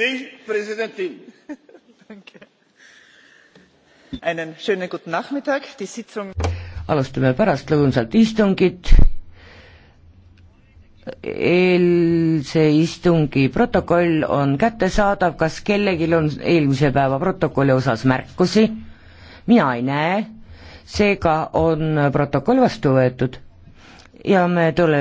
die präsidentin! einen schönen guten nachmittag! die sitzung alustame pärastlõunast istungit. eilse istungi protokoll on kättesaadav, kas kellelgi on eelmise päeva protokolli osas märkusi? mina ei näe, seega on protokoll vastu võetud ja me tuleme